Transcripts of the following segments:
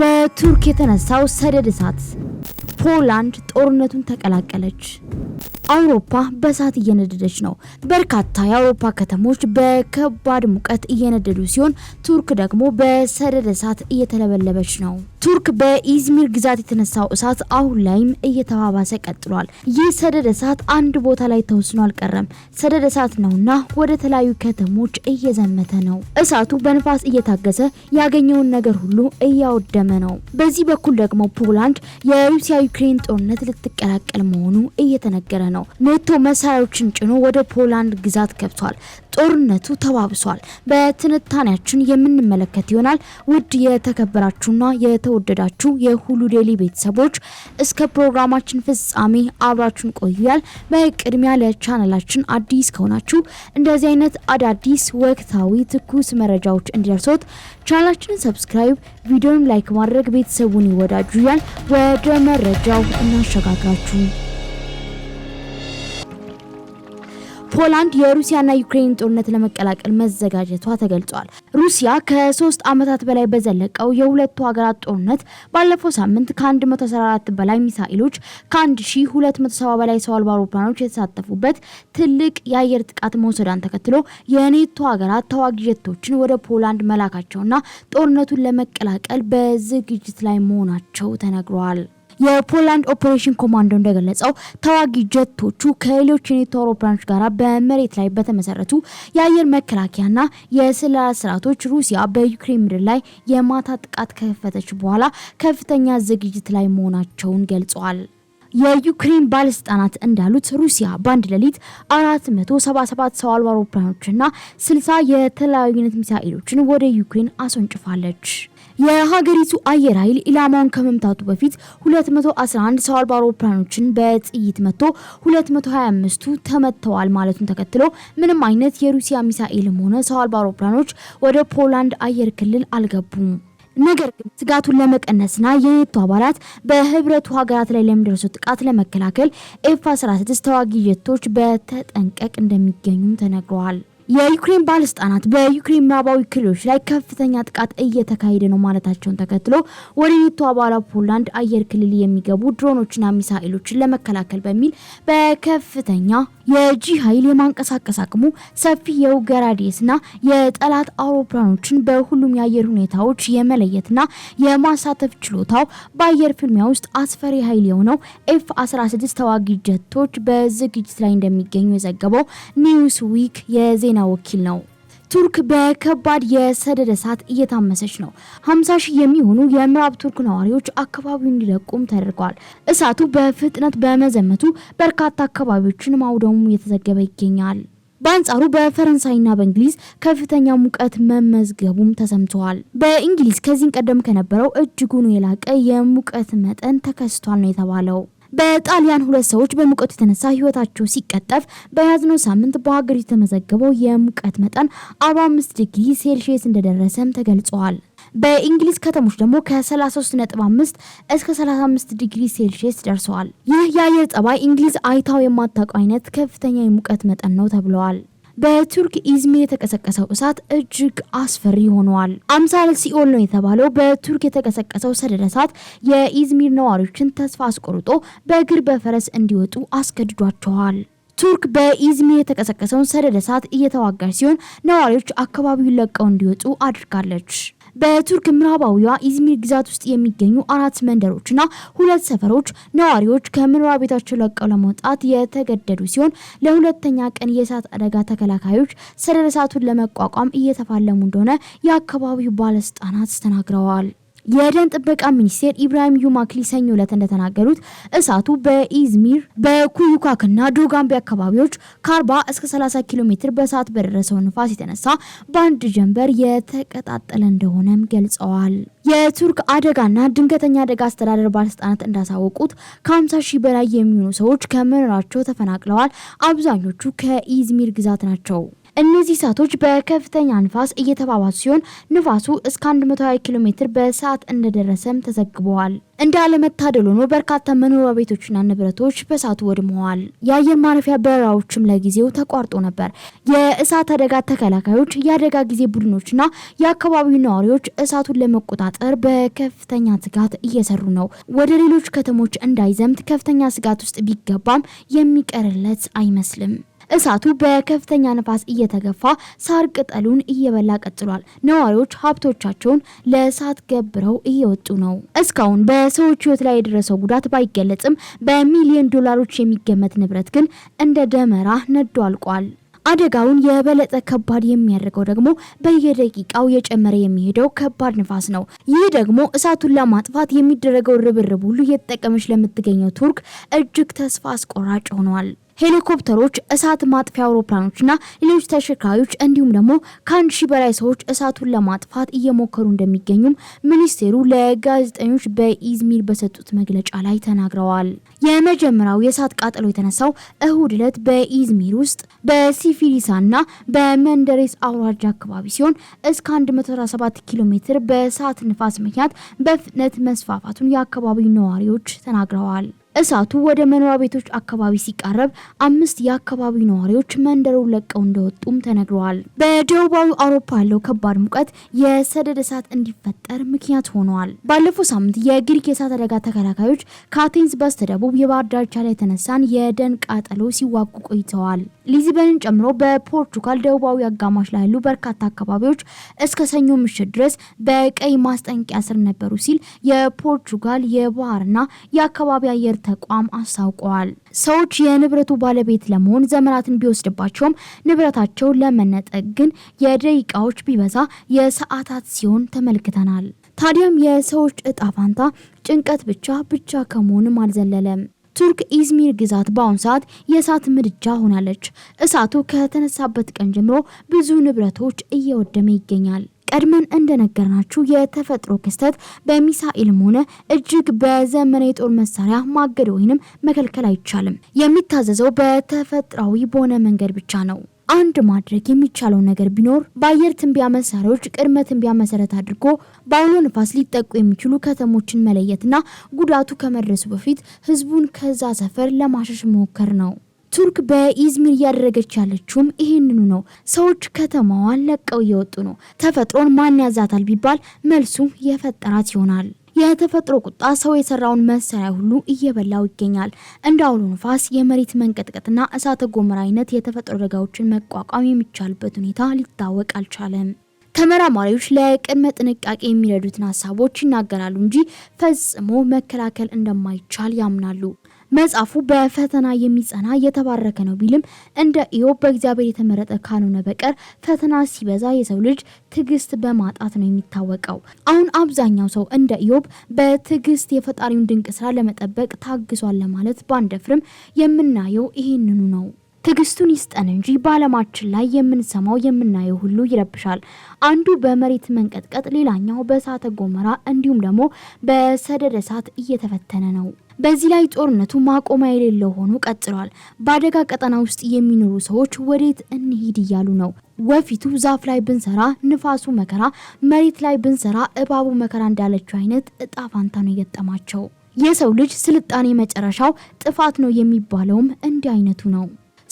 በቱርክ የተነሳው ሰደድ እሳት ፖላንድ ጦርነቱን ተቀላቀለች። አውሮፓ በእሳት እየነደደች ነው። በርካታ የአውሮፓ ከተሞች በከባድ ሙቀት እየነደዱ ሲሆን ቱርክ ደግሞ በሰደድ እሳት እየተለበለበች ነው። ቱርክ በኢዝሚር ግዛት የተነሳው እሳት አሁን ላይም እየተባባሰ ቀጥሏል። ይህ ሰደድ እሳት አንድ ቦታ ላይ ተወስኖ አልቀረም። ሰደድ እሳት ነውና ወደ ተለያዩ ከተሞች እየዘመተ ነው። እሳቱ በንፋስ እየታገሰ ያገኘውን ነገር ሁሉ እያወደመ ነው። በዚህ በኩል ደግሞ ፖላንድ የሩሲያ ዩክሬን ጦርነት ልትቀላቀል መሆኑ እየተነገረ ነው። ነው። ኔቶ መሳሪያዎችን ጭኖ ወደ ፖላንድ ግዛት ገብቷል። ጦርነቱ ተባብሷል። በትንታኔያችን የምንመለከት ይሆናል። ውድ የተከበራችሁና የተወደዳችሁ የሁሉ ዴይሊ ቤተሰቦች እስከ ፕሮግራማችን ፍጻሜ አብራችሁን ቆያል። በቅድሚያ ለቻናላችን አዲስ ከሆናችሁ እንደዚህ አይነት አዳዲስ ወቅታዊ ትኩስ መረጃዎች እንዲደርሶት ቻናላችንን ሰብስክራይብ፣ ቪዲዮን ላይክ ማድረግ ቤተሰቡን ይወዳጁያል። ወደ መረጃው እናሸጋግራችሁ። ፖላንድ የሩሲያና ዩክሬን ጦርነት ለመቀላቀል መዘጋጀቷ ተገልጿል። ሩሲያ ከሶስት ዓመታት በላይ በዘለቀው የሁለቱ ሀገራት ጦርነት ባለፈው ሳምንት ከ114 በላይ ሚሳኤሎች ከ1270 በላይ ሰው አልባ አውሮፕላኖች የተሳተፉበት ትልቅ የአየር ጥቃት መውሰዷን ተከትሎ የኔቶ ሀገራት ተዋጊ ጀቶችን ወደ ፖላንድ መላካቸውና ጦርነቱን ለመቀላቀል በዝግጅት ላይ መሆናቸው ተነግሯል። የፖላንድ ኦፕሬሽን ኮማንዶ እንደገለጸው ተዋጊ ጀቶቹ ከሌሎች የኔቶ አውሮፕላኖች ጋር በመሬት ላይ በተመሰረቱ የአየር መከላከያና የስለላ ስርዓቶች ሩሲያ በዩክሬን ምድር ላይ የማታ ጥቃት ከከፈተች በኋላ ከፍተኛ ዝግጅት ላይ መሆናቸውን ገልጸዋል። የዩክሬን ባለስልጣናት እንዳሉት ሩሲያ በአንድ ሌሊት 477 ሰው አልባ አውሮፕላኖችና 60 የተለያዩ አይነት ሚሳኤሎችን ወደ ዩክሬን አስወንጭፋለች። የሀገሪቱ አየር ኃይል ኢላማውን ከመምታቱ በፊት 211 ሰው አልባ አውሮፕላኖችን በጥይት መቶ 225ቱ ተመተዋል ማለቱን ተከትሎ ምንም አይነት የሩሲያ ሚሳኤልም ሆነ ሰው አልባ አውሮፕላኖች ወደ ፖላንድ አየር ክልል አልገቡም። ነገር ግን ስጋቱን ለመቀነስና የኔቶ አባላት በህብረቱ ሀገራት ላይ ለሚደርሱ ጥቃት ለመከላከል ኤፍ 16 ተዋጊ ጀቶች በተጠንቀቅ እንደሚገኙም ተነግረዋል። የዩክሬን ባለስልጣናት በዩክሬን ምዕራባዊ ክልሎች ላይ ከፍተኛ ጥቃት እየተካሄደ ነው ማለታቸውን ተከትሎ ወደ ኔቶ አባላ ፖላንድ አየር ክልል የሚገቡ ድሮኖችና ሚሳኤሎችን ለመከላከል በሚል በከፍተኛ የጂ ኃይል የማንቀሳቀስ አቅሙ ሰፊ የውገራዲስና የጠላት አውሮፕላኖችን በሁሉም የአየር ሁኔታዎች የመለየትና የማሳተፍ ችሎታው በአየር ፍልሚያ ውስጥ አስፈሪ ኃይል የሆነው ኤፍ 16 ተዋጊ ጀቶች በዝግጅት ላይ እንደሚገኙ የዘገበው ኒውስ ዊክ የዜና ወኪል ነው። ቱርክ በከባድ የሰደድ እሳት እየታመሰች ነው። ሀምሳ ሺህ የሚሆኑ የምዕራብ ቱርክ ነዋሪዎች አካባቢውን እንዲለቁም ተደርገዋል። እሳቱ በፍጥነት በመዘመቱ በርካታ አካባቢዎችን ማውደሙ እየተዘገበ ይገኛል። በአንጻሩ በፈረንሳይና በእንግሊዝ ከፍተኛ ሙቀት መመዝገቡም ተሰምተዋል። በእንግሊዝ ከዚህ ቀደም ከነበረው እጅጉን የላቀ የሙቀት መጠን ተከስቷል ነው የተባለው። በጣሊያን ሁለት ሰዎች በሙቀቱ የተነሳ ህይወታቸው ሲቀጠፍ በያዝነው ሳምንት በሀገሪቱ የተመዘገበው የሙቀት መጠን 45 ዲግሪ ሴልሺየስ እንደደረሰም ተገልጿል። በእንግሊዝ ከተሞች ደግሞ ከ33.5 እስከ 35 ዲግሪ ሴልሺየስ ደርሰዋል። ይህ የአየር ጠባይ እንግሊዝ አይታው የማታውቀው አይነት ከፍተኛ የሙቀት መጠን ነው ተብለዋል። በቱርክ ኢዝሚር የተቀሰቀሰው እሳት እጅግ አስፈሪ ሆኗል አምሳል ሲኦል ነው የተባለው በቱርክ የተቀሰቀሰው ሰደድ እሳት የኢዝሚር ነዋሪዎችን ተስፋ አስቆርጦ በእግር በፈረስ እንዲወጡ አስገድዷቸዋል። ቱርክ በኢዝሚር የተቀሰቀሰውን ሰደድ እሳት እየተዋጋች ሲሆን ነዋሪዎች አካባቢውን ለቀው እንዲወጡ አድርጋለች። በቱርክ ምዕራባዊዋ ኢዝሚር ግዛት ውስጥ የሚገኙ አራት መንደሮችና ሁለት ሰፈሮች ነዋሪዎች ከመኖሪያ ቤታቸው ለቀው ለመውጣት የተገደዱ ሲሆን ለሁለተኛ ቀን የእሳት አደጋ ተከላካዮች ሰደድ እሳቱን ለመቋቋም እየተፋለሙ እንደሆነ የአካባቢው ባለስልጣናት ተናግረዋል። የደን ጥበቃ ሚኒስቴር ኢብራሂም ዩማክሊ ሰኞ ዕለት እንደተናገሩት እሳቱ በኢዝሚር በኩዩካክና ዶጋምቢ አካባቢዎች ከ40 እስከ 30 ኪሎ ሜትር በሰዓት በደረሰው ንፋስ የተነሳ በአንድ ጀንበር የተቀጣጠለ እንደሆነም ገልጸዋል። የቱርክ አደጋና ድንገተኛ አደጋ አስተዳደር ባለስልጣናት እንዳሳወቁት ከ50 ሺህ በላይ የሚሆኑ ሰዎች ከመኖራቸው ተፈናቅለዋል። አብዛኞቹ ከኢዝሚር ግዛት ናቸው። እነዚህ እሳቶች በከፍተኛ ንፋስ እየተባባሱ ሲሆን ንፋሱ እስከ 120 ኪሎ ሜትር በሰዓት እንደደረሰም ተዘግበዋል። እንደ አለመታደል ሆኖ በርካታ መኖሪያ ቤቶችና ንብረቶች በእሳቱ ወድመዋል። የአየር ማረፊያ በረራዎችም ለጊዜው ተቋርጦ ነበር። የእሳት አደጋ ተከላካዮች፣ የአደጋ ጊዜ ቡድኖችና የአካባቢው ነዋሪዎች እሳቱን ለመቆጣጠር በከፍተኛ ትጋት እየሰሩ ነው። ወደ ሌሎች ከተሞች እንዳይዘምት ከፍተኛ ስጋት ውስጥ ቢገባም የሚቀርለት አይመስልም። እሳቱ በከፍተኛ ነፋስ እየተገፋ ሳር ቅጠሉን እየበላ ቀጥሏል። ነዋሪዎች ሀብቶቻቸውን ለእሳት ገብረው እየወጡ ነው። እስካሁን በሰዎች ህይወት ላይ የደረሰው ጉዳት ባይገለጽም በሚሊዮን ዶላሮች የሚገመት ንብረት ግን እንደ ደመራ ነዶ አልቋል። አደጋውን የበለጠ ከባድ የሚያደርገው ደግሞ በየደቂቃው የጨመረ የሚሄደው ከባድ ንፋስ ነው። ይህ ደግሞ እሳቱን ለማጥፋት የሚደረገው ርብርብ ሁሉ እየተጠቀመች ለምትገኘው ቱርክ እጅግ ተስፋ አስቆራጭ ሆኗል። ሄሊኮፕተሮች፣ እሳት ማጥፊያ አውሮፕላኖችና ሌሎች ተሽከርካሪዎች እንዲሁም ደግሞ ከአንድ ሺህ በላይ ሰዎች እሳቱን ለማጥፋት እየሞከሩ እንደሚገኙም ሚኒስቴሩ ለጋዜጠኞች በኢዝሚር በሰጡት መግለጫ ላይ ተናግረዋል። የመጀመሪያው የእሳት ቃጠሎ የተነሳው እሁድ ዕለት በኢዝሚር ውስጥ በሲፊሊሳና በመንደሬስ አውራጃ አካባቢ ሲሆን እስከ 117 ኪሎ ሜትር በእሳት ንፋስ ምክንያት በፍጥነት መስፋፋቱን የአካባቢው ነዋሪዎች ተናግረዋል። እሳቱ ወደ መኖሪያ ቤቶች አካባቢ ሲቃረብ አምስት የአካባቢው ነዋሪዎች መንደሩን ለቀው እንደወጡም ተነግረዋል። በደቡባዊ አውሮፓ ያለው ከባድ ሙቀት የሰደድ እሳት እንዲፈጠር ምክንያት ሆኗል። ባለፈው ሳምንት የግሪክ የእሳት አደጋ ተከላካዮች ከአቴንስ በስተደቡብ የባህር ዳርቻ ላይ የተነሳን የደን ቃጠሎ ሲዋጉ ቆይተዋል። ሊዝበንን ጨምሮ በፖርቱጋል ደቡባዊ አጋማሽ ላይ ያሉ በርካታ አካባቢዎች እስከ ሰኞ ምሽት ድረስ በቀይ ማስጠንቂያ ስር ነበሩ ሲል የፖርቱጋል የባህርና የአካባቢ አየር ተቋም አስታውቀዋል። ሰዎች የንብረቱ ባለቤት ለመሆን ዘመናትን ቢወስድባቸውም ንብረታቸውን ለመነጠቅ ግን የደቂቃዎች ቢበዛ የሰዓታት ሲሆን ተመልክተናል። ታዲያም የሰዎች እጣ ፋንታ ጭንቀት ብቻ ብቻ ከመሆንም አልዘለለም። ቱርክ ኢዝሚር ግዛት በአሁኑ ሰዓት የእሳት ምድጃ ሆናለች። እሳቱ ከተነሳበት ቀን ጀምሮ ብዙ ንብረቶች እየወደመ ይገኛል። ቀድመን እንደነገርናችሁ የተፈጥሮ ክስተት በሚሳኤልም ሆነ እጅግ በዘመነ የጦር መሳሪያ ማገድ ወይንም መከልከል አይቻልም። የሚታዘዘው በተፈጥሯዊ በሆነ መንገድ ብቻ ነው። አንድ ማድረግ የሚቻለው ነገር ቢኖር በአየር ትንቢያ መሳሪያዎች ቅድመ ትንቢያ መሰረት አድርጎ በአውሎ ንፋስ ሊጠቁ የሚችሉ ከተሞችን መለየትና ጉዳቱ ከመድረሱ በፊት ህዝቡን ከዛ ሰፈር ለማሸሽ መሞከር ነው። ቱርክ በኢዝሚር እያደረገች ያለችውም ይህንኑ ነው። ሰዎች ከተማዋን ለቀው እየወጡ ነው። ተፈጥሮን ማን ያዛታል ቢባል መልሱ የፈጠራት ይሆናል። የተፈጥሮ ቁጣ ሰው የሰራውን መሳሪያ ሁሉ እየበላው ይገኛል። እንደ አውሎ ንፋስ የመሬት መንቀጥቀጥና እሳተ ጎመራ አይነት የተፈጥሮ አደጋዎችን መቋቋም የሚቻልበት ሁኔታ ሊታወቅ አልቻለም። ተመራማሪዎች ለቅድመ ጥንቃቄ የሚረዱትን ሀሳቦች ይናገራሉ እንጂ ፈጽሞ መከላከል እንደማይቻል ያምናሉ። መጽሐፉ በፈተና የሚጸና የተባረከ ነው ቢልም እንደ ኢዮብ በእግዚአብሔር የተመረጠ ካልሆነ በቀር ፈተና ሲበዛ የሰው ልጅ ትዕግስት በማጣት ነው የሚታወቀው። አሁን አብዛኛው ሰው እንደ ኢዮብ በትዕግስት የፈጣሪውን ድንቅ ስራ ለመጠበቅ ታግሷል ለማለት ባንደፍርም የምናየው ይህንኑ ነው። ትግስቱን ይስጠን እንጂ በዓለማችን ላይ የምንሰማው የምናየው ሁሉ ይረብሻል። አንዱ በመሬት መንቀጥቀጥ፣ ሌላኛው በእሳተ ገሞራ እንዲሁም ደግሞ በሰደድ እሳት እየተፈተነ ነው። በዚህ ላይ ጦርነቱ ማቆሚያ የሌለው ሆኖ ቀጥሏል። በአደጋ ቀጠና ውስጥ የሚኖሩ ሰዎች ወዴት እንሂድ እያሉ ነው። ወፊቱ ዛፍ ላይ ብንሰራ ንፋሱ መከራ፣ መሬት ላይ ብንሰራ እባቡ መከራ እንዳለችው አይነት እጣፋንታ ነው የገጠማቸው። የሰው ልጅ ስልጣኔ መጨረሻው ጥፋት ነው የሚባለውም እንዲህ አይነቱ ነው።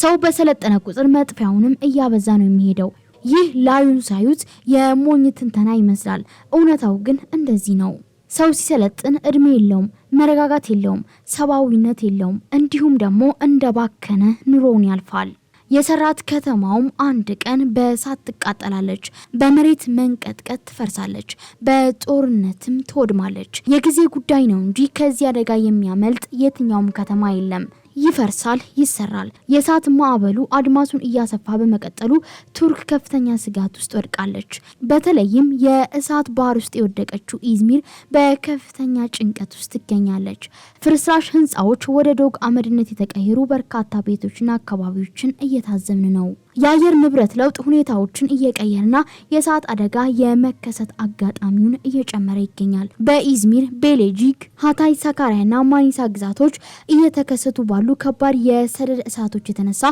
ሰው በሰለጠነ ቁጥር መጥፊያውንም እያበዛ ነው የሚሄደው። ይህ ላዩን ሳዩት የሞኝ ትንተና ይመስላል። እውነታው ግን እንደዚህ ነው። ሰው ሲሰለጥን እድሜ የለውም፣ መረጋጋት የለውም፣ ሰብአዊነት የለውም። እንዲሁም ደግሞ እንደባከነ ኑሮውን ያልፋል። የሰራት ከተማውም አንድ ቀን በእሳት ትቃጠላለች፣ በመሬት መንቀጥቀጥ ትፈርሳለች፣ በጦርነትም ትወድማለች። የጊዜ ጉዳይ ነው እንጂ ከዚህ አደጋ የሚያመልጥ የትኛውም ከተማ የለም። ይፈርሳል፣ ይሰራል። የእሳት ማዕበሉ አድማሱን እያሰፋ በመቀጠሉ ቱርክ ከፍተኛ ስጋት ውስጥ ወድቃለች። በተለይም የእሳት ባህር ውስጥ የወደቀችው ኢዝሚር በከፍተኛ ጭንቀት ውስጥ ትገኛለች። ፍርስራሽ ህንፃዎች ወደ ዶግ አመድነት የተቀየሩ በርካታ ቤቶችና አካባቢዎችን እየታዘምን ነው። የአየር ንብረት ለውጥ ሁኔታዎችን እየቀየርና የእሳት አደጋ የመከሰት አጋጣሚውን እየጨመረ ይገኛል። በኢዝሚር፣ ቤሌጂክ፣ ሀታይ፣ ሰካራያና ማኒሳ ግዛቶች እየተከሰቱ ባሉ ከባድ የሰደድ እሳቶች የተነሳ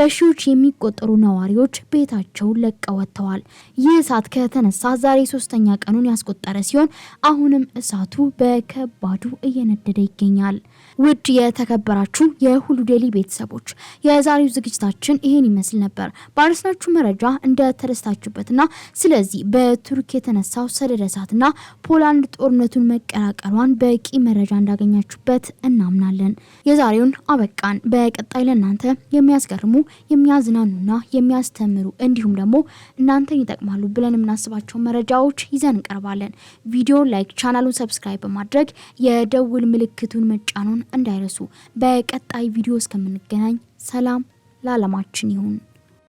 በሺዎች የሚቆጠሩ ነዋሪዎች ቤታቸውን ለቀው ወጥተዋል። ይህ እሳት ከተነሳ ዛሬ ሶስተኛ ቀኑን ያስቆጠረ ሲሆን አሁንም እሳቱ በከባዱ እየነደደ ይገኛል። ውድ የተከበራችሁ የሁሉ ዴይሊ ቤተሰቦች የዛሬው ዝግጅታችን ይህን ይመስል ነበር። ተናግረዋል። ባረስናችሁ መረጃ እንደተደስታችሁበትና ስለዚህ በቱርክ የተነሳው ሰደድ እሳትና ፖላንድ ጦርነቱን መቀላቀሏን በቂ መረጃ እንዳገኛችሁበት እናምናለን። የዛሬውን አበቃን። በቀጣይ ለእናንተ የሚያስገርሙ የሚያዝናኑና የሚያስተምሩ እንዲሁም ደግሞ እናንተን ይጠቅማሉ ብለን የምናስባቸው መረጃዎች ይዘን እንቀርባለን። ቪዲዮ ላይክ፣ ቻናሉን ሰብስክራይብ በማድረግ የደውል ምልክቱን መጫኑን እንዳይረሱ። በቀጣይ ቪዲዮ እስከምንገናኝ ሰላም ለዓለማችን ይሁን።